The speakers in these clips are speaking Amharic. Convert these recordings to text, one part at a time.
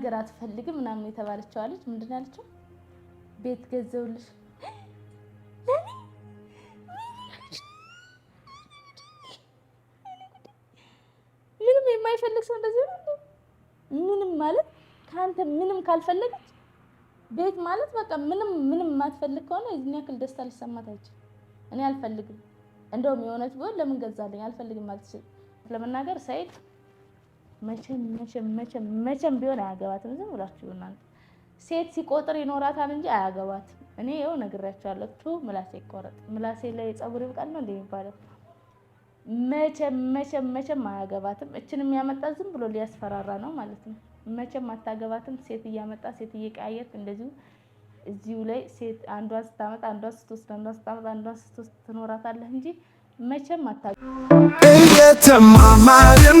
ነገር አትፈልግም ምናምን የተባለችው አለች። ምንድን ያለችው? ቤት ገዘውልሽ ምንም የማይፈልግ ሰው እንደዚህ ነው። ምንም ማለት ከአንተ ምንም ካልፈለገች ቤት ማለት በቃ ምንም ምንም የማትፈልግ ከሆነ የዚህን ያክል ደስታ ሊሰማት አይችል። እኔ አልፈልግም እንደውም የሆነች ቢሆን ለምን ገዛልኝ አልፈልግም ማለት ለመናገር ሳይድ መቼም መቼም መቼም መቼም ቢሆን አያገባትም። ዝም ብላችሁ ይሆናል ሴት ሲቆጥር ይኖራታል እንጂ አያገባትም። እኔ ይኸው ነግሬያቸዋለሁ። ቱ ምላሴ ይቆረጥ፣ ምላሴ ላይ ጸጉር ይብቃል ነው እንደሚባለው። መቼም መቼም መቼም አያገባትም። እችን የሚያመጣ ዝም ብሎ ሊያስፈራራ ነው ማለት ነው። መቼም አታገባትም። ሴት እያመጣ ሴት እየቀያየት እንደዚሁ እዚሁ ላይ ሴት አንዷን ስታመጣ አንዷን ስትወስድ አንዷን ስታመጣ አንዷን ስትወስድ ትኖራታለህ እንጂ መቼም አታ እየተማማርን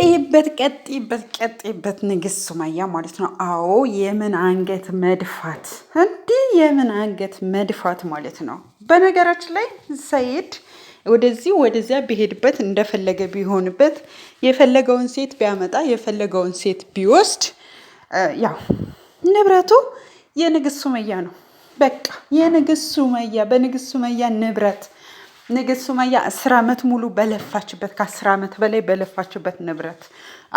ቀጥይበት ቀጥይበት ቀጥይበት ንግስት ሱመያ ማለት ነው። አዎ የምን አንገት መድፋት እንዲህ የምን አንገት መድፋት ማለት ነው። በነገራችን ላይ ሰይድ ወደዚህ ወደዚያ ቢሄድበት እንደፈለገ ቢሆንበት የፈለገውን ሴት ቢያመጣ የፈለገውን ሴት ቢወስድ ያው ንብረቱ የንግስት ሱመያ ነው። በቃ የንግስት ሱመያ በንግስት ሱመያ ንብረት ንግስት ሱመያ አስር ዓመት ሙሉ በለፋችበት ከአስር ዓመት በላይ በለፋችበት ንብረት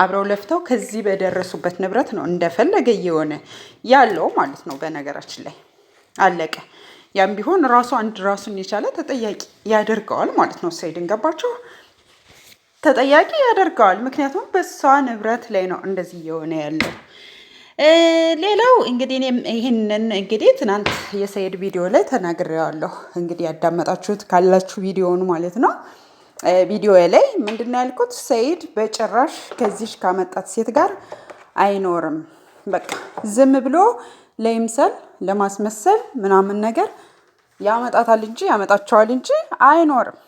አብረው ለፍተው ከዚህ በደረሱበት ንብረት ነው እንደፈለገ እየሆነ ያለው ማለት ነው። በነገራችን ላይ አለቀ። ያም ቢሆን ራሱ አንድ ራሱን የቻለ ተጠያቂ ያደርገዋል ማለት ነው። ሰይድን ገባቸው ተጠያቂ ያደርገዋል። ምክንያቱም በሷ ንብረት ላይ ነው እንደዚህ እየሆነ ያለው። ሌላው እንግዲህ እኔም ይህንን እንግዲህ ትናንት የሰይድ ቪዲዮ ላይ ተናግሬዋለሁ። እንግዲህ ያዳመጣችሁት ካላችሁ ቪዲዮውን ማለት ነው። ቪዲዮ ላይ ምንድነው ያልኩት? ሰይድ በጭራሽ ከዚሽ ካመጣት ሴት ጋር አይኖርም። በቃ ዝም ብሎ ለይምሰል ለማስመሰል ምናምን ነገር ያመጣታል እንጂ ያመጣቸዋል እንጂ አይኖርም።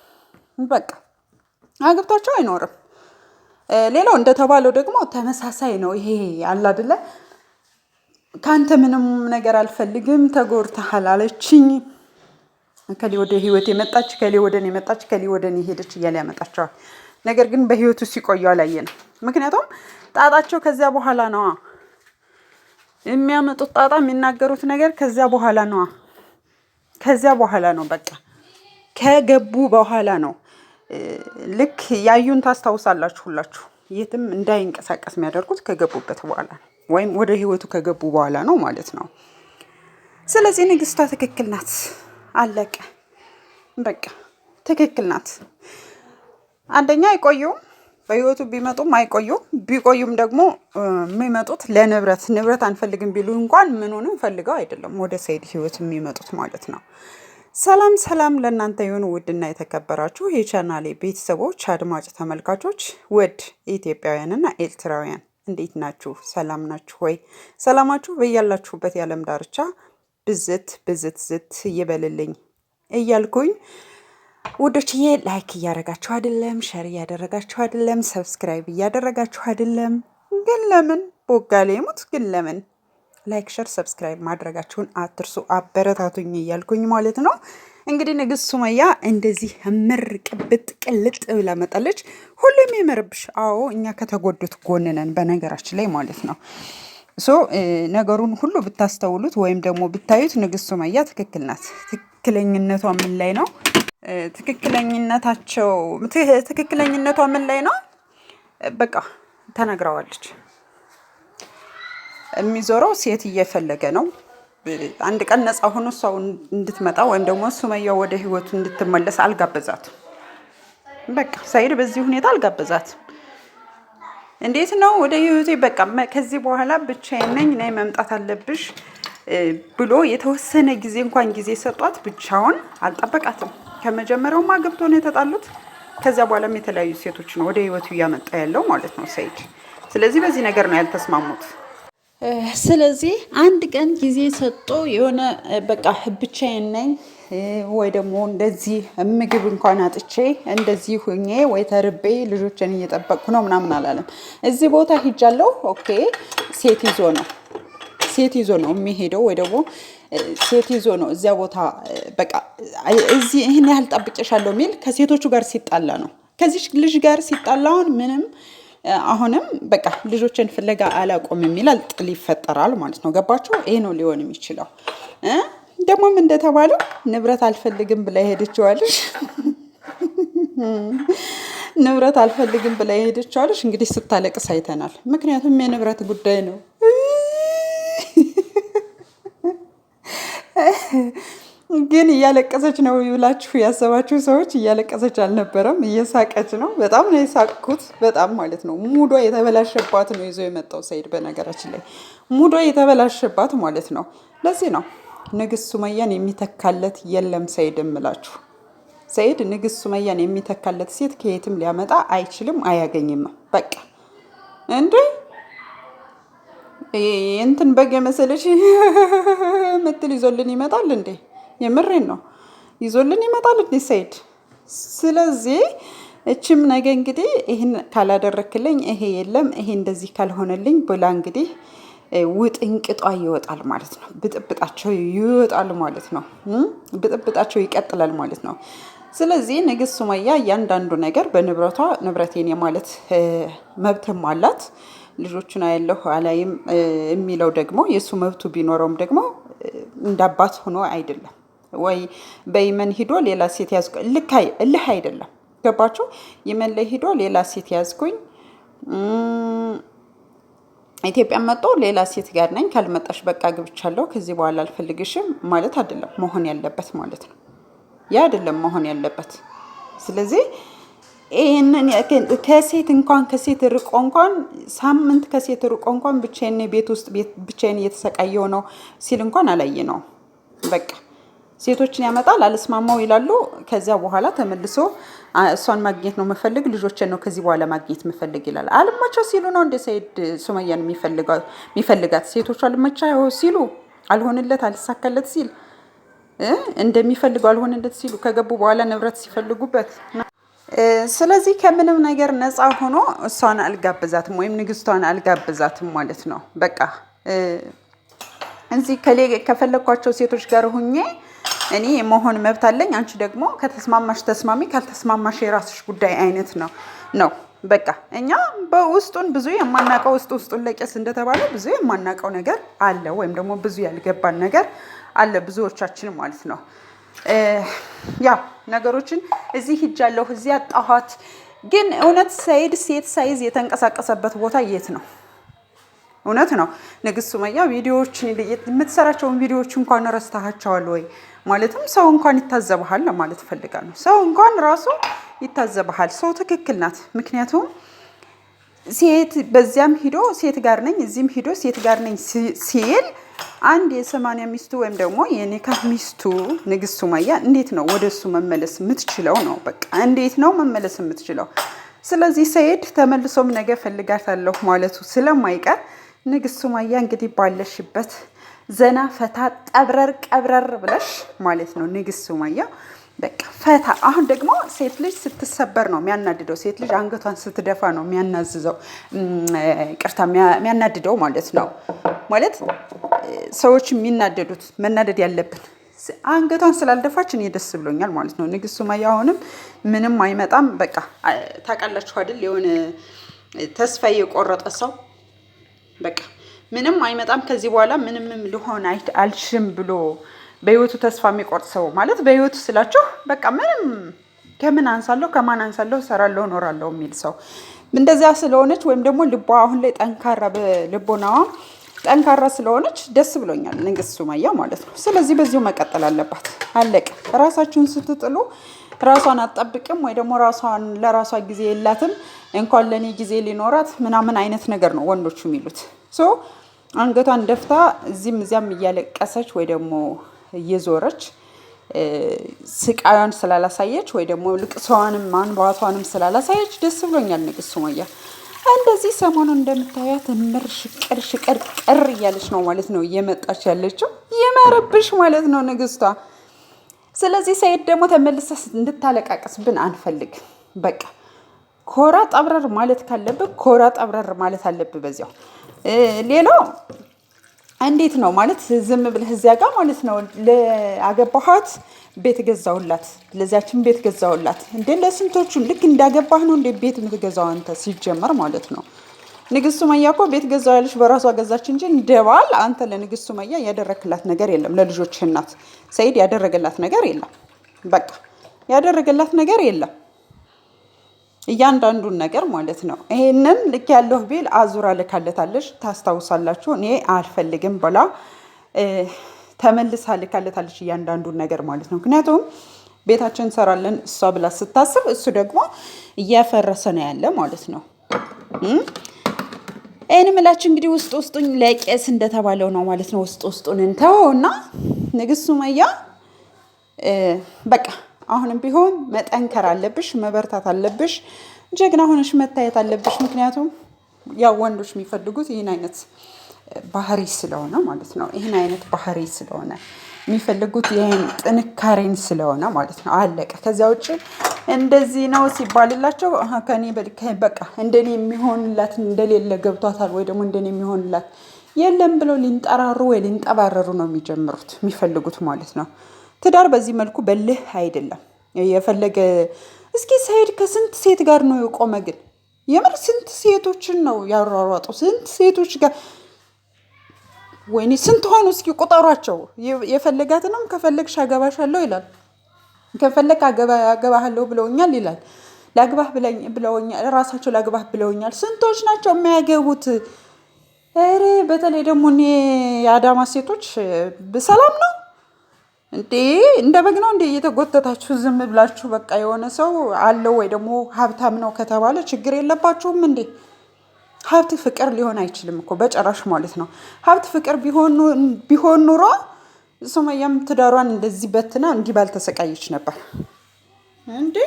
በቃ አግብታቸው አይኖርም። ሌላው እንደተባለው ደግሞ ተመሳሳይ ነው። ይሄ አለ አይደለ ከአንተ ምንም ነገር አልፈልግም፣ ተጎድተሃል አለችኝ። ከሌ ወደ ህይወት የመጣች ከሌ ወደን የመጣች ከሌ ወደን ሄደች እያለ ያመጣቸዋል። ነገር ግን በህይወቱ ሲቆዩ አላየ ነው። ምክንያቱም ጣጣቸው ከዚያ በኋላ ነዋ የሚያመጡት ጣጣ የሚናገሩት ነገር ከዚያ በኋላ ነዋ። ከዚያ በኋላ ነው በቃ ከገቡ በኋላ ነው። ልክ ያዩን ታስታውሳላችሁ ሁላችሁ የትም እንዳይንቀሳቀስ የሚያደርጉት ከገቡበት በኋላ ነው። ወይም ወደ ህይወቱ ከገቡ በኋላ ነው ማለት ነው። ስለዚህ ንግስቷ ትክክል ናት። አለቀ። በቃ ትክክል ናት። አንደኛ አይቆዩም፣ በህይወቱ ቢመጡም አይቆዩም። ቢቆዩም ደግሞ የሚመጡት ለንብረት ንብረት አንፈልግም ቢሉ እንኳን ምኑንም ፈልገው አይደለም ወደ ሰይድ ህይወት የሚመጡት ማለት ነው። ሰላም ሰላም ለእናንተ የሆኑ ውድና የተከበራችሁ የቻናሌ ቤተሰቦች፣ አድማጭ ተመልካቾች፣ ውድ ኢትዮጵያውያንና ኤርትራውያን እንዴት ናችሁ? ሰላም ናችሁ ወይ? ሰላማችሁ በያላችሁበት የዓለም ዳርቻ ብዝት ብዝት ዝት እየበልልኝ እያልኩኝ ውዶችዬ ላይክ እያደረጋችሁ አይደለም፣ ሸር እያደረጋችሁ አይደለም፣ ሰብስክራይብ እያደረጋችሁ አይደለም። ግን ለምን ቦጋሌ ሙት ግን ለምን ላይክ ሸር ሰብስክራይብ ማድረጋችሁን አትርሱ፣ አበረታቱኝ እያልኩኝ ማለት ነው። እንግዲህ ንግስት ሱመያ እንደዚህ ምር ቅብጥ ቅልጥ ብላ መጣለች። ሁሉም ይምርብሽ። አዎ እኛ ከተጎዱት ጎን ነን፣ በነገራችን ላይ ማለት ነው። ሶ ነገሩን ሁሉ ብታስተውሉት ወይም ደግሞ ብታዩት ንግስት ሱመያ ትክክል ናት። ትክክለኝነቷ ምን ላይ ነው? ትክክለኝነታቸው ትክክለኝነቷ ምን ላይ ነው? በቃ ተነግረዋለች የሚዞረው ሴት እየፈለገ ነው አንድ ቀን ነፃ ሆኖ እሷ እንድትመጣ ወይም ደግሞ ሱመያ ወደ ህይወቱ እንድትመለስ አልጋበዛት በቃ ሰኢድ በዚህ ሁኔታ አልጋበዛት እንዴት ነው ወደ ህይወቴ በቃ ከዚህ በኋላ ብቻዬን ነኝ ነይ መምጣት አለብሽ ብሎ የተወሰነ ጊዜ እንኳን ጊዜ ሰጧት፣ ብቻውን አልጠበቃትም። ከመጀመሪያውም አግብቶ ነው የተጣሉት። ከዚያ በኋላም የተለያዩ ሴቶች ነው ወደ ህይወቱ እያመጣ ያለው ማለት ነው ሰይድ። ስለዚህ በዚህ ነገር ነው ያልተስማሙት። ስለዚህ አንድ ቀን ጊዜ ሰጦ የሆነ በቃ ብቻዬን ነኝ ወይ ደግሞ እንደዚህ ምግብ እንኳን አጥቼ እንደዚህ ሁኜ ወይ ተርቤ ልጆችን እየጠበቅኩ ነው ምናምን አላለም። እዚህ ቦታ ሂጃለሁ። ኦኬ ሴት ይዞ ነው ሴት ይዞ ነው የሚሄደው ወይ ደግሞ ሴት ይዞ ነው እዚያ ቦታ በቃ እዚህ ይህን ያህል ጠብቄሻለሁ የሚል ከሴቶቹ ጋር ሲጣላ ነው ከዚህ ልጅ ጋር ሲጣላውን ምንም አሁንም በቃ ልጆችን ፍለጋ አላቆም የሚላል ጥል ይፈጠራል ማለት ነው። ገባቸው። ይሄ ነው ሊሆን የሚችለው። ደግሞም እንደተባለው ንብረት አልፈልግም ብላ ሄደችዋለች። ንብረት አልፈልግም ብላ ሄደችዋለች። እንግዲህ ስታለቅስ አይተናል። ምክንያቱም የንብረት ጉዳይ ነው። ግን እያለቀሰች ነው ብላችሁ ያሰባችሁ ሰዎች እያለቀሰች አልነበረም፣ እየሳቀች ነው። በጣም ነው የሳቅኩት፣ በጣም ማለት ነው። ሙዷ የተበላሸባት ነው ይዞ የመጣው ሰይድ በነገራችን ላይ ሙዷ የተበላሸባት ማለት ነው። ለዚህ ነው ንግስት ሱመያን የሚተካለት የለም ሰይድ እምላችሁ። ሰይድ ንግስት ሱመያን የሚተካለት ሴት ከየትም ሊያመጣ አይችልም፣ አያገኝም። በቃ እንዴ እንትን በግ የመሰለች ምትል ይዞልን ይመጣል እንዴ? የምሬን ነው ይዞልን ይመጣል እንዴ ሰይድ። ስለዚህ እችም ነገ እንግዲህ ይህን ካላደረክልኝ ይሄ የለም ይሄ እንደዚህ ካልሆነልኝ ብላ እንግዲህ ውጥንቅጧ ይወጣል ማለት ነው። ብጥብጣቸው ይወጣል ማለት ነው። ብጥብጣቸው ይቀጥላል ማለት ነው። ስለዚህ ንግስት ሱመያ እያንዳንዱ ነገር በንብረቷ ንብረቴን የማለት መብትም አላት። ልጆቹን አያለሁ አላይም የሚለው ደግሞ የእሱ መብቱ ቢኖረውም ደግሞ እንዳባት ሆኖ አይደለም ወይ በየመን ሂዶ ሌላ ሴት ያዝኩኝ። ልክ አይደለም። ገባችሁ? የመን ላይ ሂዶ ሌላ ሴት ያዝኩኝ ኢትዮጵያ መጦ ሌላ ሴት ጋር ነኝ ካልመጣሽ በቃ ግብቻለሁ፣ ከዚህ በኋላ አልፈልግሽም ማለት አይደለም መሆን ያለበት ማለት ነው። ያ አይደለም መሆን ያለበት። ስለዚህ ይህንን ከሴት እንኳን ከሴት ርቆ እንኳን ሳምንት ከሴት ርቆ እንኳን ብቻዬን ቤት ውስጥ ብቻዬን እየተሰቃየው ነው ሲል እንኳን አላየ ነው በቃ ሴቶችን ያመጣል አልስማማው ይላሉ። ከዚያ በኋላ ተመልሶ እሷን ማግኘት ነው የምፈልግ ልጆችን ነው ከዚህ በኋላ ማግኘት የምፈልግ ይላል። አልማቸው ሲሉ ነው እንደ ሰይድ ሱመያን የሚፈልጋት ሴቶቹ አልመቻ ሲሉ አልሆንለት አልሳካለት ሲል እንደሚፈልገው አልሆንለት ሲሉ ከገቡ በኋላ ንብረት ሲፈልጉበት ስለዚህ ከምንም ነገር ነፃ ሆኖ እሷን አልጋበዛትም ወይም ንግስቷን አልጋበዛትም ማለት ነው። በቃ እዚህ ከፈለግኳቸው ሴቶች ጋር ሁኜ እኔ የመሆን መብት አለኝ። አንቺ ደግሞ ከተስማማሽ ተስማሚ፣ ካልተስማማሽ የራስሽ ጉዳይ አይነት ነው ነው በቃ እኛ በውስጡን ብዙ የማናውቀው ውስጥ ውስጡን ለቄስ እንደተባለ ብዙ የማናውቀው ነገር አለ፣ ወይም ደግሞ ብዙ ያልገባን ነገር አለ ብዙዎቻችን ማለት ነው። ያ ነገሮችን እዚህ ሂጃለሁ፣ እዚህ አጣኋት። ግን እውነት ሰይድ ሴት ሳይዝ የተንቀሳቀሰበት ቦታ የት ነው? እውነት ነው። ንግስት ሱመያ ቪዲዮዎችን የምትሰራቸውን ቪዲዮዎች እንኳን ረስተሃቸዋል ወይ? ማለትም ሰው እንኳን ይታዘብሃል ለማለት ፈልጋ ነው። ሰው እንኳን ራሱ ይታዘብሃል። ሰው ትክክል ናት። ምክንያቱም ሴት በዚያም ሂዶ ሴት ጋር ነኝ እዚህም ሂዶ ሴት ጋር ነኝ ሲል አንድ የሰማንያ ሚስቱ ወይም ደግሞ የኒካህ ሚስቱ ንግስት ሱመያ እንዴት ነው ወደ እሱ መመለስ የምትችለው? ነው በቃ እንዴት ነው መመለስ የምትችለው? ስለዚህ ሰይድ ተመልሶም ነገ ፈልጋታለሁ ማለቱ ስለማይቀር ንግስት ሱመያ እንግዲህ ባለሽበት ዘና ፈታ ጠብረር ቀብረር ብለሽ ማለት ነው። ንግስት ሱመያ በቃ ፈታ። አሁን ደግሞ ሴት ልጅ ስትሰበር ነው የሚያናድደው። ሴት ልጅ አንገቷን ስትደፋ ነው የሚያናዝዘው፣ ቅርታ የሚያናድደው ማለት ነው። ማለት ሰዎች የሚናደዱት መናደድ ያለብን አንገቷን ስላልደፋች እኔ ደስ ብሎኛል ማለት ነው። ንግስት ሱመያ አሁንም ምንም አይመጣም። በቃ ታውቃላችሁ አይደል? የሆነ ተስፋ የቆረጠ ሰው በቃ ምንም አይመጣም ከዚህ በኋላ ምንምም ልሆን አልሽም ብሎ በህይወቱ ተስፋ የሚቆርጥ ሰው ማለት በህይወቱ ስላችሁ በቃ ምንም ከምን አንሳለሁ ከማን አንሳለሁ እሰራለሁ እኖራለሁ የሚል ሰው እንደዚያ ስለሆነች ወይም ደግሞ ልቧ አሁን ላይ ጠንካራ በልቦናዋ ጠንካራ ስለሆነች ደስ ብሎኛል። ንግስት ሱመያ ማለት ነው። ስለዚህ በዚሁ መቀጠል አለባት። አለቅ ራሳችሁን ስትጥሉ ራሷን አትጠብቅም ወይ ደግሞ ራሷን ለራሷ ጊዜ የላትም እንኳን ለእኔ ጊዜ ሊኖራት ምናምን አይነት ነገር ነው ወንዶቹ የሚሉት። ሶ አንገቷን ደፍታ እዚህም እዚያም እያለቀሰች ወይ ደግሞ እየዞረች ስቃዩን ስላላሳየች ወይ ደግሞ ልቅሷንም ማንባቷንም ስላላሳየች ደስ ብሎኛል። ንግስት ሱመያ እንደዚህ ሰሞኑን እንደምታያት እምር ሽቅር ሽቅር ቅር እያለች ነው ማለት ነው እየመጣች ያለችው። ይመርብሽ ማለት ነው ንግስቷ። ስለዚህ ሰኢድ ደግሞ እንድታለቃቀስ እንድታለቃቀስብን አንፈልግም። በቃ ኮራ ጠብረር ማለት ካለብህ ኮራ ጠብረር ማለት አለብህ። በዚያው ሌላው እንዴት ነው ማለት ዝም ብለህ እዚያ ጋር ማለት ነው ለአገባኋት ቤት ገዛውላት ለዚያችን ቤት ገዛውላት እንደ ለስንቶቹ ልክ እንዳገባህ ነው እንደ ቤት የምትገዛው አንተ ሲጀመር ማለት ነው። ንግስት ሱመያ እኮ ቤት ገዛው ያለች በራሷ ገዛች እንጂ እንደባል አንተ ለንግስት ሱመያ ያደረክላት ነገር የለም። ለልጆች እናት ሰይድ ያደረገላት ነገር የለም። በቃ ያደረገላት ነገር የለም። እያንዳንዱን ነገር ማለት ነው። ይሄንን ልክ ያለሁ ቢል አዙራ ልካለታለች። ታስታውሳላችሁ። እኔ አልፈልግም ብላ ተመልሳ ልካለታለች። እያንዳንዱን ነገር ማለት ነው። ምክንያቱም ቤታችን እንሰራለን እሷ ብላ ስታስብ፣ እሱ ደግሞ እያፈረሰ ነው ያለ ማለት ነው። ይህን ምላችሁ እንግዲህ ውስጥ ውስጡን ለቄስ እንደተባለው ነው ማለት ነው። ውስጥ ውስጡን እንተወው እና ንግስት ሱመያ በቃ አሁንም ቢሆን መጠንከር አለብሽ፣ መበርታት አለብሽ፣ ጀግና ሆነሽ መታየት አለብሽ። ምክንያቱም ያው ወንዶች የሚፈልጉት ይህን አይነት ባህሪ ስለሆነ ማለት ነው። ይህን አይነት ባህሪ ስለሆነ የሚፈልጉት ይህን ጥንካሬን ስለሆነ ማለት ነው። አለቀ። ከዚያ ውጭ እንደዚህ ነው ሲባልላቸው ከኔ በቃ እንደኔ የሚሆንላት እንደሌለ ገብቷታል ወይ ደግሞ እንደኔ የሚሆንላት የለም ብለው ሊንጠራሩ ወይ ሊንጠባረሩ ነው የሚጀምሩት የሚፈልጉት ማለት ነው። ትዳር በዚህ መልኩ በልህ አይደለም የፈለገ እስኪ ሰኢድ ከስንት ሴት ጋር ነው የቆመ ግን የምር ስንት ሴቶችን ነው ያሯሯጡ ስንት ሴቶች ጋር ወይኔ ስንት ሆኑ? እስኪ ቁጠሯቸው። የፈለጋትንም ከፈለግሽ አገባሻለሁ ይላል። ከፈለግ አገባሃለሁ ብለውኛል ይላል። ላግባህ ብለውኛል፣ ራሳቸው ላግባህ ብለውኛል። ስንቶች ናቸው የሚያገቡት? ኧረ በተለይ ደግሞ እኔ የአዳማ ሴቶች በሰላም ነው እንዴ? እንደ በግ ነው እንዴ እየተጎተታችሁ ዝም ብላችሁ? በቃ የሆነ ሰው አለው ወይ ደግሞ ሀብታም ነው ከተባለ ችግር የለባችሁም እንዴ? ሀብት ፍቅር ሊሆን አይችልም እኮ በጭራሽ ማለት ነው። ሀብት ፍቅር ቢሆን ኑሮ ሱመያም ትዳሯን እንደዚህ በትና እንዲህ ባልተሰቃየች ነበር እንዴ።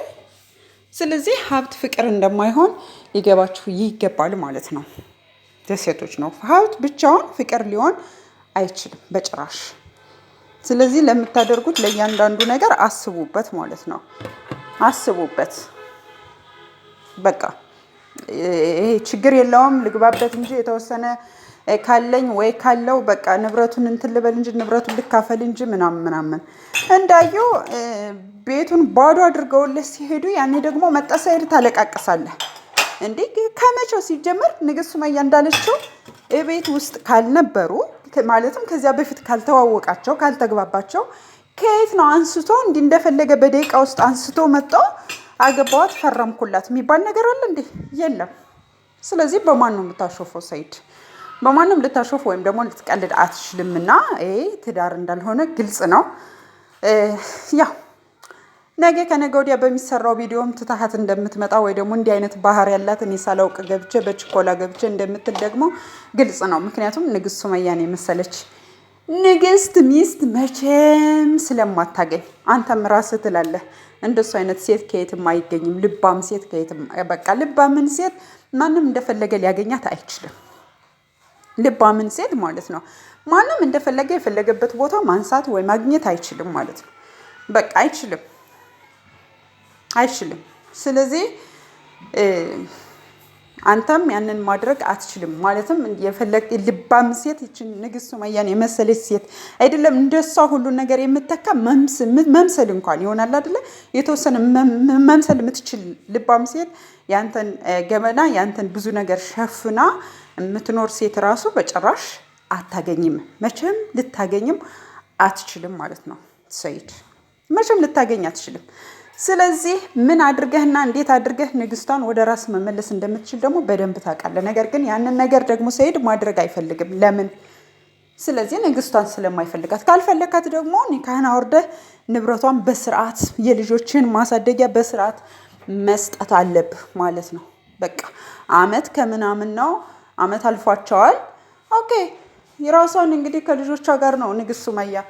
ስለዚህ ሀብት ፍቅር እንደማይሆን ሊገባችሁ ይገባል ማለት ነው። ደሴቶች ነው ሀብት ብቻውን ፍቅር ሊሆን አይችልም በጭራሽ። ስለዚህ ለምታደርጉት ለእያንዳንዱ ነገር አስቡበት ማለት ነው። አስቡበት በቃ። ይሄ ችግር የለውም ልግባበት እንጂ የተወሰነ ካለኝ ወይ ካለው በቃ ንብረቱን እንትን ልበል እንጂ ንብረቱን ልካፈል እንጂ ምናምን ምናምን እንዳዩ ቤቱን ባዶ አድርገውልህ ሲሄዱ፣ ያኔ ደግሞ መጣ ሰይድ ታለቃቅሳለህ። እንዴ ከመቼው ሲጀመር ንግስት ሱመያ እንዳለችው እቤት ውስጥ ካልነበሩ ማለትም ከዚያ በፊት ካልተዋወቃቸው ካልተግባባቸው ከየት ነው አንስቶ እንዲህ እንደፈለገ በደቂቃ ውስጥ አንስቶ መጥቶ አገባዋት ፈረምኩላት የሚባል ነገር አለ እንዴ? የለም። ስለዚህ በማን ነው የምታሾፈው? ሰይድ በማንም ልታሾፍ ወይም ደግሞ ልትቀልድ አትችልም። ይሄ ትዳር እንዳልሆነ ግልጽ ነው። ያው ነገ ከነገ ወዲያ በሚሰራው ቪዲዮም ትታሀት እንደምትመጣ ወይ ደግሞ እንዲህ አይነት ባህር ያላት እኔ ሳላውቅ ገብቼ በችኮላ ገብቼ እንደምትል ደግሞ ግልጽ ነው። ምክንያቱም ንግስት ሱመያን የመሰለች ንግስት ሚስት መቼም ስለማታገኝ አንተም ራስ ትላለህ። እንደሱ አይነት ሴት ከየትም አይገኝም። ልባም ሴት ከየትም በቃ ልባምን ሴት ማንም እንደፈለገ ሊያገኛት አይችልም። ልባምን ሴት ማለት ነው ማንም እንደፈለገ የፈለገበት ቦታ ማንሳት ወይ ማግኘት አይችልም ማለት ነው። በቃ አይችልም አይችልም። ስለዚህ አንተም ያንን ማድረግ አትችልም። ማለትም የፈለግ ልባም ሴት ይችን ንግስት ሱመያን የመሰለች ሴት አይደለም እንደሷ ሁሉን ነገር የምተካ መምሰል እንኳን ይሆናል አይደለ የተወሰነ መምሰል የምትችል ልባም ሴት ያንተን ገመና ያንተን ብዙ ነገር ሸፍና የምትኖር ሴት ራሱ በጭራሽ አታገኝም። መቼም ልታገኝም አትችልም ማለት ነው ሰይድ፣ መቼም ልታገኝ አትችልም። ስለዚህ ምን አድርገህና እንዴት አድርገህ ንግስቷን ወደ ራስ መመለስ እንደምትችል ደግሞ በደንብ ታውቃለህ። ነገር ግን ያንን ነገር ደግሞ ሰኢድ ማድረግ አይፈልግም። ለምን? ስለዚህ ንግስቷን ስለማይፈልጋት። ካልፈለካት ደግሞ ኒካህን አውርደህ ንብረቷን በስርዓት የልጆችን ማሳደጊያ በስርዓት መስጠት አለብህ ማለት ነው። በቃ አመት ከምናምን ነው አመት አልፏቸዋል። ኦኬ የራሷን እንግዲህ ከልጆቿ ጋር ነው ንግስት ሱመያ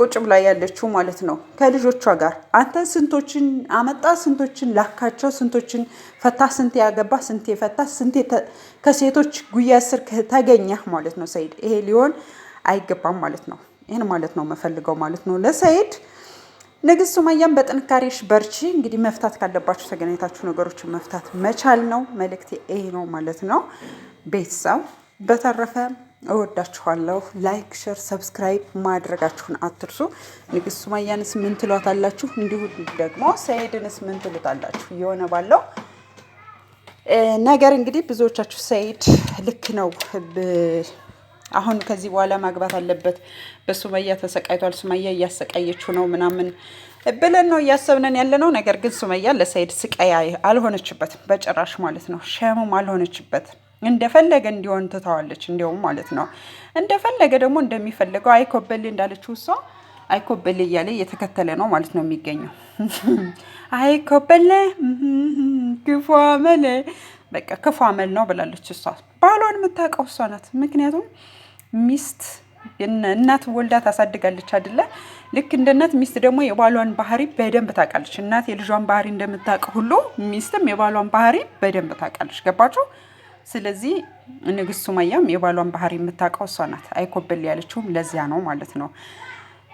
ቁጭም ላይ ያለችው ማለት ነው ከልጆቿ ጋር። አንተ ስንቶችን አመጣ፣ ስንቶችን ላካቸው፣ ስንቶችን ፈታ፣ ስንት ያገባ፣ ስንት ፈታ፣ ስንት ከሴቶች ጉያ ስር ተገኘህ ማለት ነው ሰይድ ይሄ ሊሆን አይገባም ማለት ነው። ይህን ማለት ነው መፈልገው ማለት ነው ለሰይድ ንግስት ሱመያም በጥንካሬሽ በርቺ። እንግዲህ መፍታት ካለባችሁ ተገናኝታችሁ ነገሮችን መፍታት መቻል ነው። መልእክቴ ይሄ ነው ማለት ነው ቤተሰብ በተረፈ እወዳችኋለሁ። ላይክ፣ ሸር፣ ሰብስክራይብ ማድረጋችሁን አትርሱ። ንግስት ሱመያንስ ምን ትሏታላችሁ? እንዲሁ ደግሞ ሰይድንስ ምን ትሉታላችሁ? እየሆነ ባለው ነገር እንግዲህ ብዙዎቻችሁ ሰይድ ልክ ነው አሁን ከዚህ በኋላ ማግባት አለበት፣ በሱመያ ተሰቃይቷል፣ ሱመያ እያሰቃየችው ነው ምናምን ብለን ነው እያሰብነን ያለ ነው። ነገር ግን ሱመያ ለሰይድ ስቃይ አልሆነችበትም በጭራሽ ማለት ነው። ሸሙም አልሆነችበትም። እንደፈለገ እንዲሆን ትተዋለች። እንዲሁም ማለት ነው እንደፈለገ ደግሞ እንደሚፈልገው አይኮበሌ እንዳለችው እሷ አይኮበሌ እያለ እየተከተለ ነው ማለት ነው የሚገኘው። አይኮበሌ ክፉ አመል፣ በቃ ክፉ አመል ነው ብላለች እሷ። ባሏን የምታውቀው እሷ ናት። ምክንያቱም ሚስት እናት ወልዳ ታሳድጋለች አይደለ? ልክ እንደ እናት ሚስት ደግሞ የባሏን ባህሪ በደንብ ታውቃለች። እናት የልጇን ባህሪ እንደምታውቅ ሁሉ ሚስትም የባሏን ባህሪ በደንብ ታውቃለች። ገባችሁ? ስለዚህ ንግስት ሱመያም የባሏን ባህሪ የምታውቀው እሷ ናት። አይኮበል ያለችውም ለዚያ ነው ማለት ነው።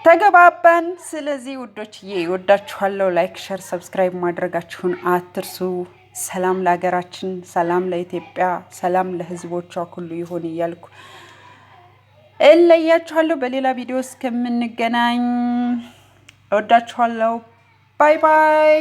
ተገባባን። ስለዚህ ውዶችዬ ወዳችኋለሁ። ላይክ፣ ሸር፣ ሰብስክራይብ ማድረጋችሁን አትርሱ። ሰላም ለሀገራችን፣ ሰላም ለኢትዮጵያ፣ ሰላም ለህዝቦቿ ሁሉ ይሆን እያልኩ እለያችኋለሁ። በሌላ ቪዲዮ እስከምንገናኝ ወዳችኋለሁ። ባይ ባይ።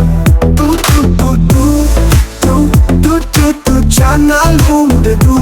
canal home de tu